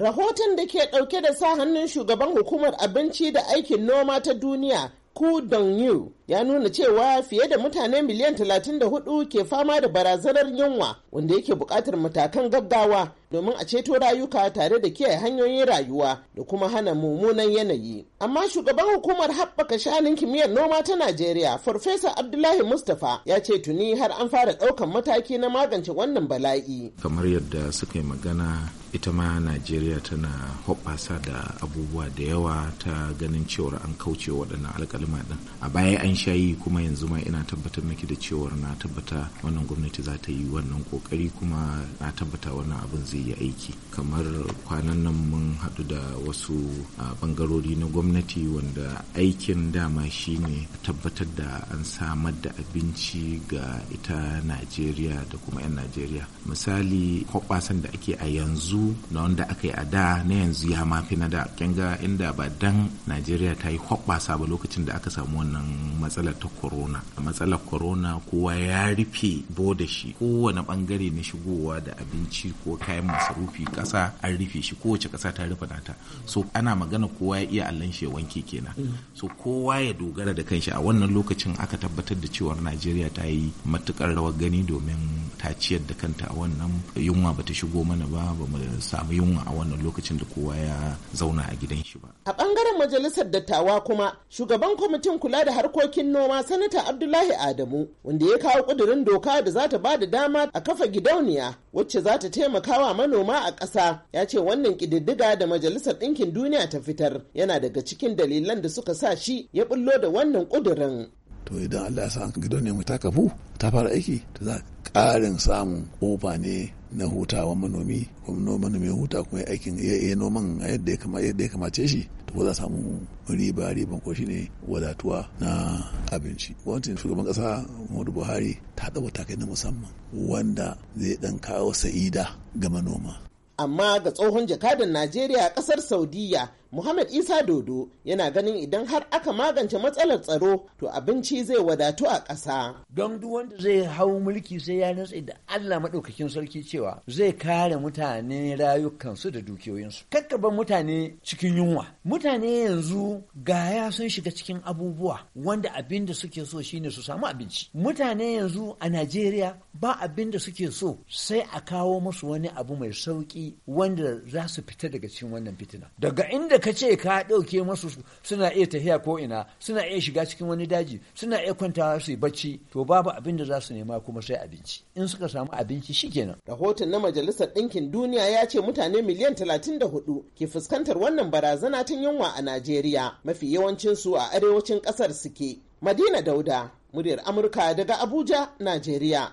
Rahoton da ke ɗauke da sa hannun shugaban hukumar abinci da aikin noma ta duniya, Ku Dong Yu, ya nuna cewa fiye da mutane miliyan 34 ke fama da barazanar yunwa wanda yake buƙatar matakan gaggawa domin a ceto rayuka tare da kiyaye hanyoyin rayuwa da kuma hana mummunan yanayi. Amma shugaban hukumar haɓaka shanin kimiyyar noma ta Najeriya, Farfesa Abdullahi Mustapha ya ce tuni har an fara ɗaukan mataki na magance wannan bala'i. Kamar yadda suka yi magana ita ma Najeriya tana hoɓasa da abubuwa da yawa ta ganin cewar an kauce waɗannan alƙalima ɗin. A baya an sha kuma yanzu ma ina tabbatar miki da cewar na tabbata wannan gwamnati za ta yi wannan kokari kuma na tabbata wannan abin zai yi aiki kamar kwanan nan mun haɗu da wasu bangarori na gwamnati wanda aikin dama shine tabbatar da an samar da abinci ga ita najeriya da kuma 'yan najeriya misali hoɓasan da ake a yanzu na wanda aka yi a da na yanzu ya mafi na da kyanga inda ba dan najeriya ta yi hoɓasa ba lokacin da aka samu wannan matsalar ta corona matsalar corona kowa ya rufe boda shi kowane bangare na shigowa da abinci ko kayan masarufi kasa an rufe shi kowace kasa ta rufe nata so ana magana kowa ya iya allon shi wanke kenan mm. so kowa ya dogara da kanshi a wannan lokacin aka tabbatar da cewar najeriya ta yi matukar rawar gani domin ta ciyar da kanta a wannan yunwa bata shigo mana ba ba mu samu yunwa a wannan lokacin da kowa ya zauna a gidan shi ba a bangaren majalisar dattawa kuma shugaban kwamitin kula da harkokin harkokin noma sanata abdullahi adamu wanda ya kawo kudurin doka da za ta ba da dama a kafa gidauniya wacce za ta taimakawa manoma a ƙasa ya ce wannan ƙididdiga da majalisar ɗinkin duniya ta fitar yana daga cikin dalilan da suka sa shi ya bullo da wannan ƙudurin to idan allah ya sa gidauniya mu ta kafu ta fara aiki ta za ƙarin samun ƙofa ne na hutawa manomi kuma manomi huta kuma aikin ya yi noman yadda ya kamace shi to za samu riba riban ko ne wadatuwa na abinci gwamnatin shugaban kasa muhammadu buhari ta ɗaba takai na musamman wanda zai ɗan kawo sa'ida ga manoma amma ga tsohon jakadan najeriya a kasar saudiya muhammad isa dodo yana ganin idan har aka magance matsalar tsaro to abinci zai wadatu a ƙasa. don duk wanda zai hau mulki sai ya nutse da allah maɗaukakin sarki cewa zai kare mutane rayukansu da dukiyoyinsu kakkaban mutane cikin yunwa mutane yanzu ga ya sun shiga cikin abubuwa wanda abin da suke so shine su samu abinci mutane yanzu a najeriya ba abin da suke so sai a kawo musu wani abu mai sauki wanda za su fita daga cikin wannan fitina daga inda ka ce ka ɗauke masu suna iya tafiya ko ina suna iya shiga cikin wani daji suna iya kwantawa su yi bacci to babu abin da za su nema kuma sai abinci in suka samu abinci shi kenan. rahoton na majalisar ɗinkin duniya ya ce mutane miliyan 34 ke fuskantar wannan barazana tun yunwa a najeriya mafi yawancin su a arewacin ƙasar suke madina dauda muryar amurka daga abuja najeriya